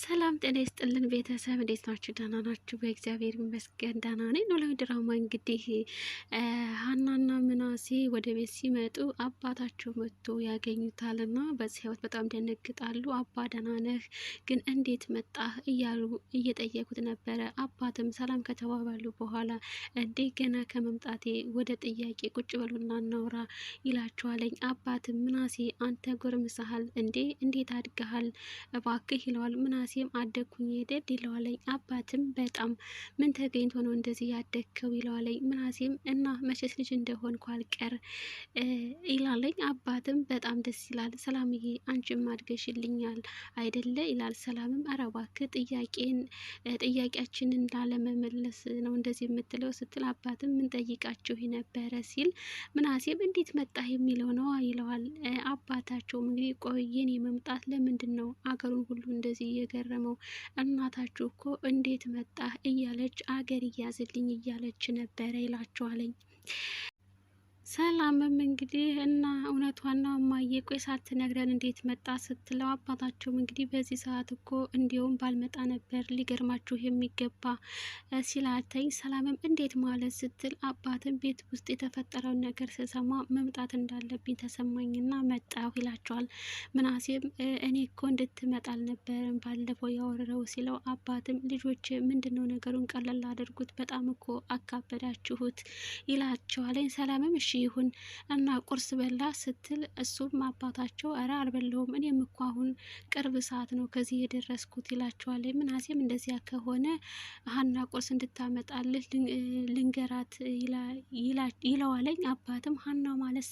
ሰላም ጤና ይስጥልን ቤተሰብ፣ እንዴት ናችሁ? ደህና ናችሁ? በእግዚአብሔር ይመስገን ደህና ነኝ። ኖላዊ ድራማ እንግዲህ ሀናና ምናሴ ወደ ቤት ሲመጡ አባታቸው መጥቶ ያገኙታል ያገኙታልና በዚህ ህይወት በጣም ደነግጣሉ። አባ ደህና ነህ ግን እንዴት መጣህ እያሉ እየጠየቁት ነበረ። አባትም ሰላም ከተባባሉ በኋላ እንዴ ገና ከመምጣቴ ወደ ጥያቄ ቁጭ በሉና እናውራ ይላቸዋለኝ። አባትም ምናሴ አንተ ጎርምሰሃል እንዴ እንዴት አድገሃል እባክህ ይለዋል ምና ምናሴም አደግኩኝ ሄደድ ይለዋለኝ። አባትም በጣም ምን ተገኝቶ ነው እንደዚህ ያደግከው ይለዋለኝ። ምናሴም እና መቼስ ልጅ እንደሆንኩ አልቀር ይላለኝ። አባትም በጣም ደስ ይላል። ሰላምዬ አንቺም አድገሽልኛል አይደለ ይላል። ሰላምም ኧረ እባክህ ጥያቄን ጥያቄያችንን ላለመመለስ ነው እንደዚህ የምትለው ስትል አባትም ምን ጠይቃችሁ ነበረ ሲል ምናሴም እንዴት መጣ የሚለው ነው ይለዋል። አባታቸውም እንግዲህ ቆየን የመምጣት ለምንድን ነው አገሩን ሁሉ እንደዚህ የገረመው። እናታችሁ እኮ እንዴት መጣ እያለች አገር እያዝልኝ እያለች ነበረ ይላችኋለኝ። ሰላምም እንግዲህ እና እውነቷና እማዬ ቆይ ሳትነግረን እንዴት መጣ ስትለው አባታቸውም እንግዲህ በዚህ ሰዓት እኮ እንዲሁም ባልመጣ ነበር ሊገርማችሁ የሚገባ ሲላተኝ፣ ሰላምም እንዴት ማለት ስትል አባትም ቤት ውስጥ የተፈጠረውን ነገር ስሰማ መምጣት እንዳለብኝ ተሰማኝና መጣሁ ይላቸዋል። ምናሴም እኔ እኮ እንድትመጣ አልነበረም ባለፈው ያወረረው ሲለው አባትም ልጆች ምንድነው ነገሩን ቀለል አድርጉት፣ በጣም እኮ አካበዳችሁት ይላቸዋል። ሰላምም እሺ ይሁን እና ቁርስ በላ ስትል እሱም አባታቸው ኧረ አልበላሁም እኔም እኮ አሁን ቅርብ ሰዓት ነው ከዚህ የደረስኩት ይላቸዋል። ምናሴም እንደዚያ ከሆነ ሀና ቁርስ እንድታመጣልህ ልንገራት ይለዋለኝ። አባትም ሀና ማለት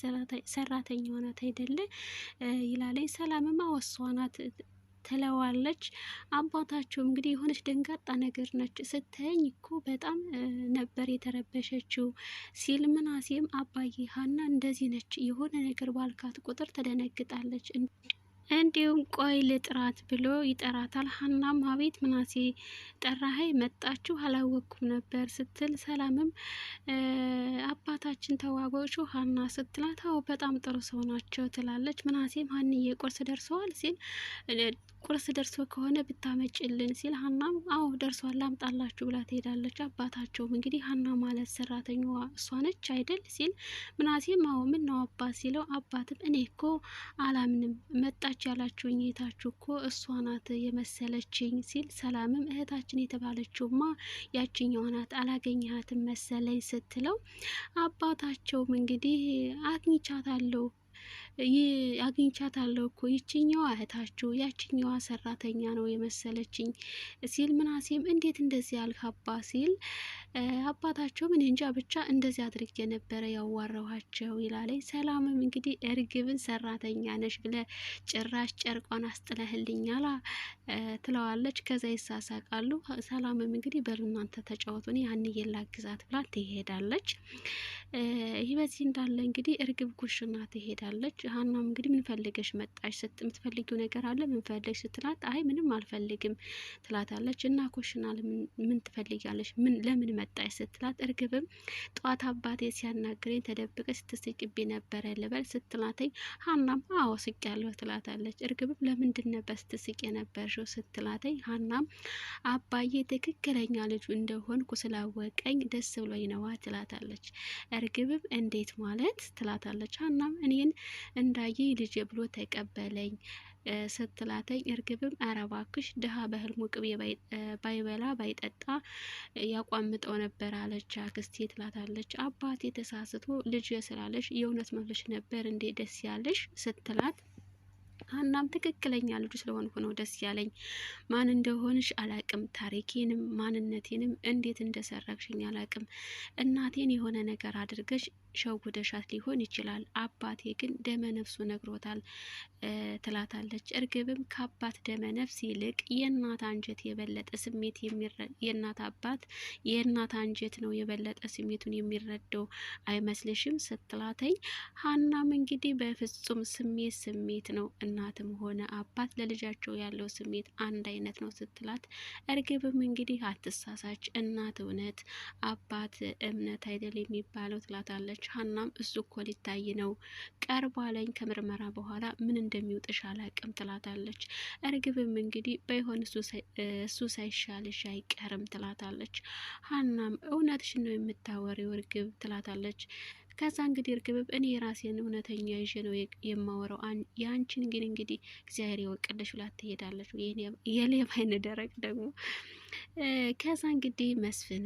ሰራተኛ ናት አይደለ ይላለኝ። ሰላምማ ወሷ ናት ትለዋለች። አባታቸው እንግዲህ የሆነች ደንጋጣ ነገር ነች ስተኝ እኮ በጣም ነበር የተረበሸችው ሲል ምናሴም አባዬ ሀና እንደዚህ ነች የሆነ ነገር ባልካት ቁጥር ትደነግጣለች እንዲሁም ቆይ ልጥራት ብሎ ይጠራታል። ሀናም አቤት ምናሴ ጠራሀይ መጣችሁ አላወቅኩም ነበር ስትል፣ ሰላምም አባታችን ተዋጓችሁ ሀና ስትላት፣ አዎ በጣም ጥሩ ሰው ናቸው ትላለች። ምናሴም ሀንዬ ቁርስ ደርሰዋል ሲል ቁርስ ደርሶ ከሆነ ብታመጭልን ሲል፣ ሀናም አዎ ደርሷል ላምጣላችሁ ብላ ትሄዳለች። አባታቸውም እንግዲህ ሀና ማለት ሰራተኛዋ እሷ ነች አይደል ሲል፣ ምናሴም አዎ ምን አባት ሲለው፣ አባትም እኔ እኮ አላምንም መጣ መጣች ያላችሁኝ እህታችሁ እኮ እሷ ናት የመሰለችኝ ሲል ሰላምም እህታችን የተባለችውማ ያችኛዋ ናት አላገኘሃትም መሰለኝ ስትለው አባታቸውም እንግዲህ አግኝቻታለሁ አግኝቻታለሁ እኮ ይችኛዋ እህታችሁ ያችኛዋ ሰራተኛ ነው የመሰለችኝ ሲል ምናሴም እንዴት እንደዚህ አልካባ ሲል አባታቸውም እኔ እንጃ ብቻ እንደዚህ አድርጌ ነበረ ያዋረኋቸው ይላለኝ። ሰላምም እንግዲህ እርግብን ሰራተኛ ነሽ ብለ ጭራሽ ጨርቋን አስጥለህልኛላ ትለዋለች። ከዛ ይሳሳቃሉ። ሰላምም እንግዲህ በሉ እናንተ ተጫወቱ፣ ያን ሀንዬ ብላ ትሄዳለች። ይህ በዚህ እንዳለ እንግዲህ እርግብ ኩሽና ትሄዳለች። ሀናም እንግዲህ ምን ፈልገሽ መጣሽ? የምትፈልጊው ነገር አለ ምን ፈለግሽ ስትላት አይ ምንም አልፈልግም ትላታለች። እና ኩሽና ምን ትፈልጊያለሽ? ምን ለምን መጣች ስትላት እርግብም ጠዋት አባቴ ሲያናግረኝ ተደብቀ ስትስቂብኝ ነበረ ልበል ስትላተኝ ሀናም አዎ ስቄያለሁ ትላታለች። እርግብም ለምንድን ነበር ስትስቅ የነበርሽው ስትላተኝ ሀናም አባዬ ትክክለኛ ልጁ እንደሆንኩ ስላወቀኝ ደስ ብሎኝ ነዋ ትላታለች። እርግብም እንዴት ማለት ትላታለች። ሀናም እኔን እንዳየ ልጄ ብሎ ተቀበለኝ ስትላተኝ እርግብም ኧረ እባክሽ ድሀ በህልሙ ቅቤ ባይበላ ባይጠጣ ያቋምጠው ነበር አለች አክስቴ ትላታለች። አባቴ ተሳስቶ ልጅ ስላለሽ የእውነት መስሎሽ ነበር እንዴ ደስ ያለሽ ስትላት ሀናም ትክክለኛ ልጁ ስለሆንኩ ነው ደስ ያለኝ። ማን እንደሆንሽ አላቅም፣ ታሪኬንም ማንነቴንም እንዴት እንደሰረቅሽኝ አላቅም። እናቴን የሆነ ነገር አድርገሽ ሸውደሻት ሊሆን ይችላል። አባቴ ግን ደመ ነፍሱ ነግሮታል ትላታለች። እርግብም ከአባት ደመ ነፍስ ይልቅ የእናት አንጀት የበለጠ ስሜት የእናት አባት የእናት አንጀት ነው የበለጠ ስሜቱን የሚረዳው አይመስልሽም? ስትላተኝ ሀናም እንግዲህ በፍጹም ስሜት ስሜት ነው እናትም ሆነ አባት ለልጃቸው ያለው ስሜት አንድ አይነት ነው ስትላት፣ እርግብም እንግዲህ አትሳሳች፣ እናት እውነት አባት እምነት አይደል የሚባለው ትላታለች። ሀናም እሱ እኮ ሊታይ ነው ቀርቧ ከምርመራ በኋላ ምን እንደሚውጥሽ አላቅም ትላታለች። እርግብም እንግዲህ በይሆን እሱ ሳይሻልሽ አይቀርም ትላታለች። ሀናም እውነትሽ ነው የምታወሪው እርግብ ትላታለች። ከዛ እንግዲህ እርግብም እኔ የራሴን እውነተኛ ይዤ ነው የማወራው፣ የአንቺን ግን እንግዲህ እግዚአብሔር ይወቅልሽ ብላ ትሄዳለች። የሌባ አይን ደረቅ ደግሞ ከዛ እንግዲህ መስፍን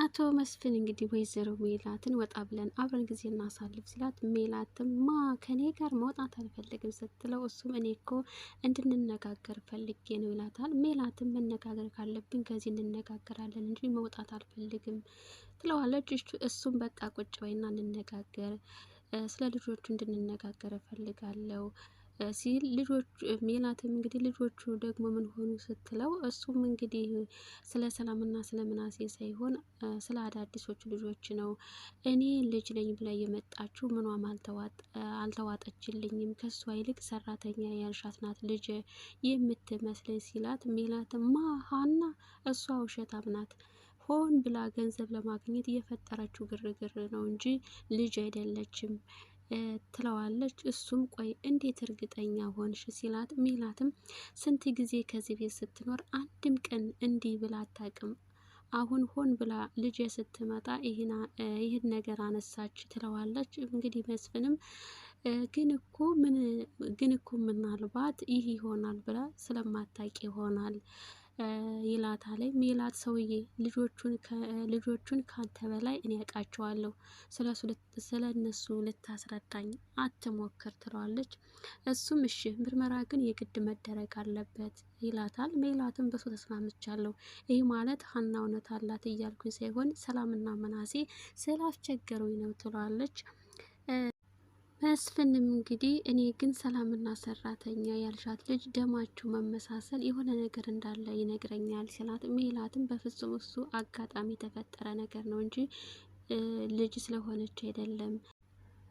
አቶ መስፍን እንግዲህ ወይዘሮ ሜላትን ወጣ ብለን አብረን ጊዜ እናሳልፍ ሲላት ሜላትም ማ ከኔ ጋር መውጣት አልፈልግም ስትለው እሱም እኔ እኮ እንድንነጋገር ፈልጌ ነው ይላታል። ሜላትም መነጋገር ካለብን ከዚህ እንነጋገራለን እንጂ መውጣት አልፈልግም ትለዋለች። እሱም በቃ ቁጭ በይና እንነጋገር፣ ስለ ልጆቹ እንድንነጋገር እፈልጋለሁ ሲል ልጆቹ ሜላትም እንግዲህ ልጆቹ ደግሞ ምን ሆኑ ስትለው እሱም እንግዲህ ስለ ሰላምና ስለ ምናሴ ሳይሆን ስለ አዳዲሶቹ ልጆች ነው። እኔ ልጅ ነኝ ብላ የመጣችው ምኗም አልተዋጠችልኝም። ከሷ ይልቅ ሰራተኛ ያልሻት ናት ልጅ የምትመስለኝ ሲላት ሜላትማ ሀና እሷ ውሸታም ናት ሆን ብላ ገንዘብ ለማግኘት የፈጠረችው ግርግር ነው እንጂ ልጅ አይደለችም ትለዋለች። እሱም ቆይ እንዴት እርግጠኛ ሆንሽ ሲላት፣ ሚላትም ስንት ጊዜ ከዚህ ቤት ስትኖር አንድም ቀን እንዲህ ብላ አታውቅም አሁን ሆን ብላ ልጅ ስትመጣ ይህን ነገር አነሳች ትለዋለች። እንግዲህ መስፍንም ግን እኮ ምን ግን እኮ ምናልባት ይህ ይሆናል ብላ ስለማታውቅ ይሆናል ይላት ሜላት ሰውዬ ልጆቹን ከአንተ በላይ እኔ ያውቃቸዋለሁ፣ ስለ እነሱ ልታስረዳኝ አትሞክር ትለዋለች። እሱም እሺ ምርመራ ግን የግድ መደረግ አለበት ይላታል። ሜላትም በሱ ተስማምቻለሁ፣ ይህ ማለት ሀና እውነት አላት እያልኩኝ ሳይሆን ሰላምና መናሴ ስላስቸገሩኝ ነው ትለዋለች። መስፍንም እንግዲህ እኔ ግን ሰላምና ሰራተኛ ያልሻት ልጅ ደማችሁ መመሳሰል የሆነ ነገር እንዳለ ይነግረኛል ሲላት፣ ሜላትም በፍጹም እሱ አጋጣሚ የተፈጠረ ነገር ነው እንጂ ልጅ ስለሆነች አይደለም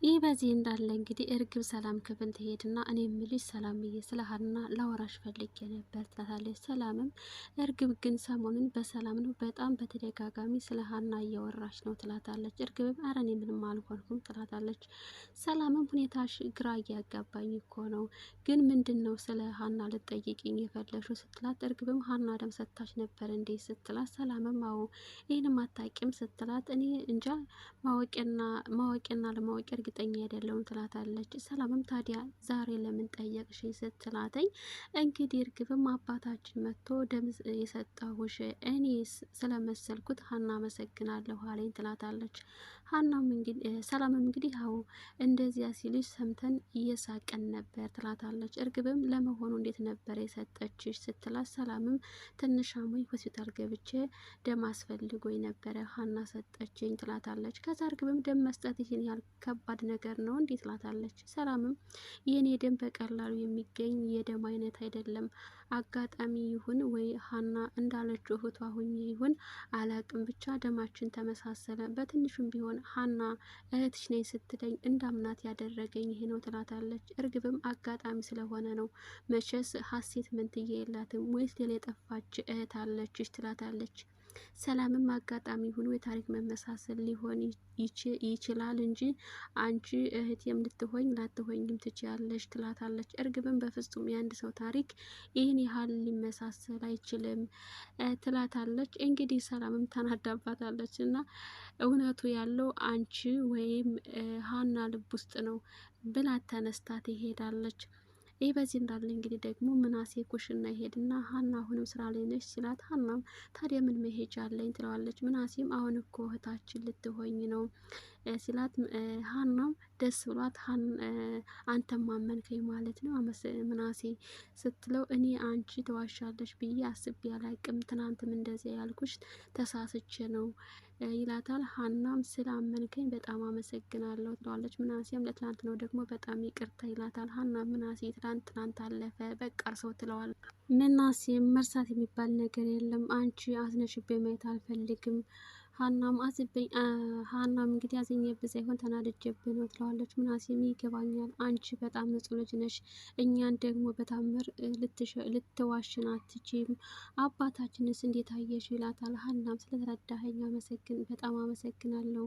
ይህ በዚህ እንዳለ እንግዲህ እርግብ ሰላም ክፍል ትሄድና እኔ የምልሽ ሰላምዬ ስለ ሀና ላወራሽ ፈልጌ ነበር ትላታለች። ሰላምም እርግብ ግን ሰሞኑን በሰላም ነው በጣም በተደጋጋሚ ስለ ሀና እያወራሽ ነው ትላታለች። እርግብም ኧረ እኔ ምንም አልሆንኩም ትላታለች። ሰላምም ሁኔታሽ ግራ እያጋባኝ እኮ ነው፣ ግን ምንድን ነው ስለ ሀና ልጠይቅኝ የፈለሹ ስትላት፣ እርግብም ሀና ደም ሰታሽ ነበር እንዴ ስትላት፣ ሰላምም አዎ ይህንም አታቂም ስትላት፣ እኔ እንጃ ማወቅና ማወቅና ለማወቅ እርግጠኛ አይደለሁም ትላታለች። ሰላምም ታዲያ ዛሬ ለምን ጠየቅሽኝ ስትላተኝ እንግዲህ እርግብም አባታችን መጥቶ ደም የሰጠሁሽ እኔ ስለመሰልኩት ሀና አመሰግናለሁ አለኝ ትላታለች። ሀናም ሰላምም እንግዲህ አዎ እንደዚያ ሲልሽ ሰምተን እየሳቀን ነበር ትላታለች። እርግብም ለመሆኑ እንዴት ነበር የሰጠችሽ ስትላት፣ ሰላምም ትንሽ አሞኝ ሆስፒታል ገብቼ ደም አስፈልጎኝ ነበረ ሀና ሰጠችኝ ትላታለች። ከዛ እርግብም ደም መስጠት ይህን ያህል ከባድ ነገር ነው እንዴ ትላታለች። ሰላምም የኔ ደም በቀላሉ የሚገኝ የደም አይነት አይደለም። አጋጣሚ ይሁን ወይ ሀና እንዳለችው እህቷ ሁኜ ይሁን አላቅም፣ ብቻ ደማችን ተመሳሰለ በትንሹም ቢሆን ሲሆን ሀና እህትሽ ነኝ ስትለኝ እንዳምናት ያደረገኝ ይሄ ነው ትላታለች። እርግብም አጋጣሚ ስለሆነ ነው መቼስ ሀሴት ምንትዬ የላትም ወይስ ሌላ የጠፋች እህት አለችሽ ትላታለች። ሰላምም አጋጣሚ ሆኖ የታሪክ መመሳሰል ሊሆን ይችላል እንጂ አንቺ እህቴም ልትሆኝ ላትሆኝም ትችያለሽ ትላታለች። እርግብም በፍጹም የአንድ ሰው ታሪክ ይህን ያህል ሊመሳሰል አይችልም ትላታለች። እንግዲህ ሰላምም ተናዳባታለች እና እውነቱ ያለው አንቺ ወይም ሀና ልብ ውስጥ ነው ብላ ተነስታ ትሄዳለች። ይህ በዚህ እንዳለ እንግዲህ ደግሞ ምናሴ ኩሽና ይሄድና ሀና አሁንም ስራ ላይ ነች ሲላት፣ ሀናም ታዲያ ምን መሄጃ አለኝ ትለዋለች። ምናሴም አሁን እኮ እህታችን ልትሆኝ ነው ሲላት፣ ሀናም ደስ ብሏት አንተ ማመንከኝ ማለት ነው ምናሴ ስትለው፣ እኔ አንቺ ተዋሻለች ብዬ አስቤ አላቅም። ትናንትም እንደዚያ ያልኩሽ ተሳስቼ ነው ይላታል። ሀናም ስላመንከኝ በጣም አመሰግናለሁ ትለዋለች። ምናሴም ለትናንት ነው ደግሞ በጣም ይቅርታ ይላታል። ሀና ምናሴ ትናንት ትናንት አለፈ በቃ እርሰው ትለዋል። ምናሴም መርሳት የሚባል ነገር የለም አንቺ አዝነሽቤ ማየት አልፈልግም ሀናም አዝብኝ ሀናም እንግዲህ አዝኜብህ ሳይሆን ተናድጄብህ ነው ትለዋለች። ምናሴም ይገባኛል፣ አንቺ በጣም ንጹሕ ልጅ ነሽ፣ እኛን ደግሞ በታምር ልትዋሽን አትችም። አባታችንስ እንዴት አየሽ ይላታል። ሀናም ስለተረዳኸኝ አመሰግን በጣም አመሰግናለሁ።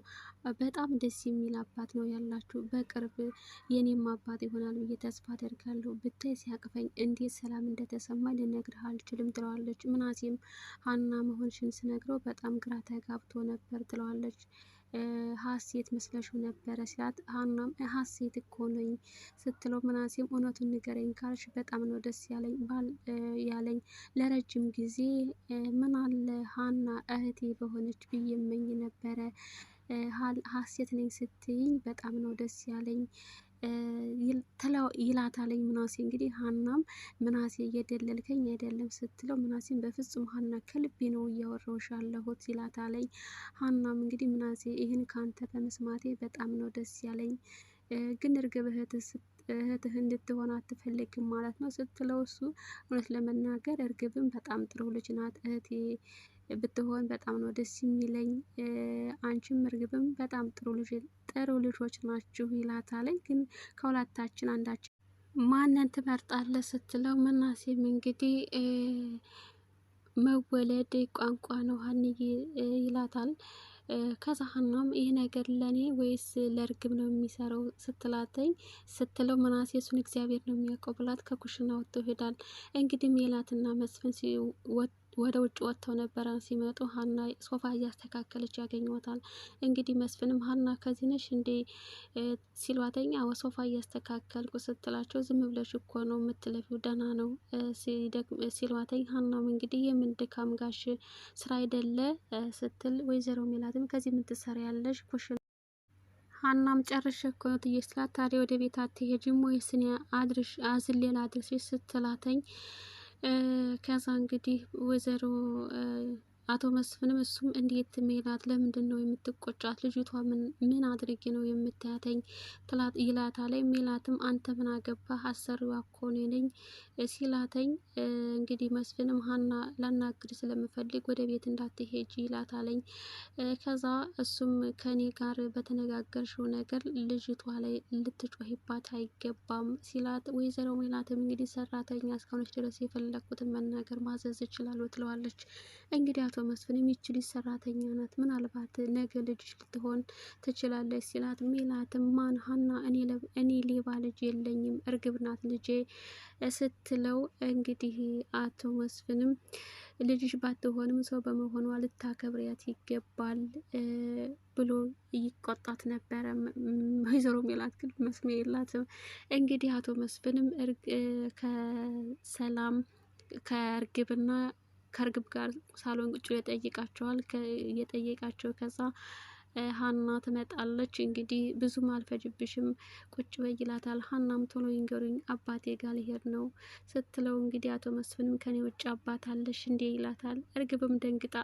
በጣም ደስ የሚል አባት ነው ያላችሁ። በቅርብ የኔም አባት ይሆናል ብዬ ተስፋ አደርጋለሁ። ብታይ ሲያቅፈኝ እንዴት ሰላም እንደተሰማ ልነግርህ አልችልም ትለዋለች። ምናሴም ሀና መሆንሽን ስነግረው በጣም ግራ ተጋብቶ ነበር ትለዋለች። ሀሴት መስለሽው ነበረ ሲላት፣ ሀናም ሀሴት እኮ ነኝ ስትለው፣ ምናሴም እውነቱን ንገረኝ ካልሽ በጣም ነው ደስ ያለኝ ባል ያለኝ ለረጅም ጊዜ ምን አለ ሀና እህቴ በሆነች ብዬ እመኝ ነበረ። ሀሴት ነኝ ስትይኝ በጣም ነው ደስ ያለኝ ይላታለኝ ምናሴ እንግዲህ ሀናም ምናሴ እየደለልከኝ አይደለም ስትለው ምናሴን በፍጹም ሀና ከልቤ ነው እያወራሁሽ ያለሁት ይላታለኝ። ሀናም እንግዲህ ምናሴ ይህን ካንተ በመስማቴ በጣም ነው ደስ ያለኝ፣ ግን እርግብ እህትህ እንድትሆን አትፈልግም ማለት ነው ስትለው እሱ እውነት ለመናገር እርግብም በጣም ጥሩ ልጅ ናት እህቴ ብትሆን በጣም ነው ደስ የሚለኝ። አንቺም እርግብም በጣም ጥሩ ልጆች ናችሁ ይላታለኝ። ግን ከሁለታችን አንዳችን ማንን ትመርጣለህ ስትለው ምናሴም እንግዲህ መወለድ ቋንቋ ነው ሀንዬ ይላታል። ከዛ ሀናም ይህ ነገር ለእኔ ወይስ ለእርግብ ነው የሚሰራው ስትላተኝ ስትለው ምናሴ እሱን እግዚአብሔር ነው የሚያውቀው ብላት ከኩሽና ወጥቶ ሄዳል። እንግዲህ ሜላትና መስፍን ሲወጡ ወደ ውጭ ወጥተው ነበረ። ሲመጡ ሀና ሶፋ እያስተካከለች ያገኘታል። እንግዲህ መስፍንም ሀና ከዚህ ነሽ እንዴ ሲሏተኛ ሶፋ እያስተካከልኩ ስትላቸው ዝም ብለሽ እኮ ነው የምትለፊው ደህና ነው ሲሏተኝ ሀናም እንግዲህ የምን ድካም ጋሽ ስራ አይደለ ስትል ወይዘሮ ሜላትም ከዚህ ምን ትሰሪ ያለሽ ኩሽን ሀናም ጨርሽ እኮ ነው ትዬ ስላት ታዲያ ወደ ቤት አትሄጂም ወይስ እኔ አድርሽ አዝሌላ አድርሽ ስትላተኝ ከዛ እንግዲህ ወይዘሮ አቶ መስፍንም እሱም እንዴት ሜላት ለምንድን ነው የምትቆጫት? ልጅቷ ምን አድርጌ ነው የምታያተኝ? ይላታ ላይ ሜላትም አንተ ምን አገባህ? አሰሪዋ እኮ እኔ ነኝ ሲላተኝ እንግዲህ መስፍንም ሀና ላናግድ ስለምፈልግ ወደ ቤት እንዳትሄጂ ይላታ ላይ ከዛ እሱም ከኔ ጋር በተነጋገርሽው ነገር ልጅቷ ላይ ልትጮሂባት አይገባም ሲላት ወይዘሮ ሜላትም እንግዲህ ሰራተኛ እስካሁኖች ድረስ የፈለግኩትን መናገር ማዘዝ እችላለሁ ትለዋለች እንግዲህ አቶ አቶ መስፍንም ይች ልጅ ሰራተኛ ናት፣ ምናልባት ነገ ልጅሽ ልትሆን ትችላለች ሲላት፣ ሜላትም ማን ሀና፣ እኔ ሌባ ልጅ የለኝም እርግብ ናት ልጄ ስትለው፣ እንግዲህ አቶ መስፍንም ልጅሽ ባትሆንም ሰው በመሆኗ ልታከብሪያት ይገባል ብሎ ይቆጣት ነበረ። ወይዘሮ ሜላት ግን መስሚያ የላትም። እንግዲህ አቶ መስፍንም ከሰላም ከእርግብና ከእርግብ ጋር ሳሎን ቁጭ ብሎ ጠይቃቸዋል የጠየቃቸው ከዛ ሀና ትመጣለች። እንግዲህ ብዙም አልፈጅብሽም ቁጭ በይ ይላታል። ሀናም ቶሎ ይንገሩኝ አባቴ ጋር ሊሄድ ነው ስትለው እንግዲህ አቶ መስፍንም ከኔ ውጭ አባት አለሽ እንዴ ይላታል። እርግብም ደንግጣ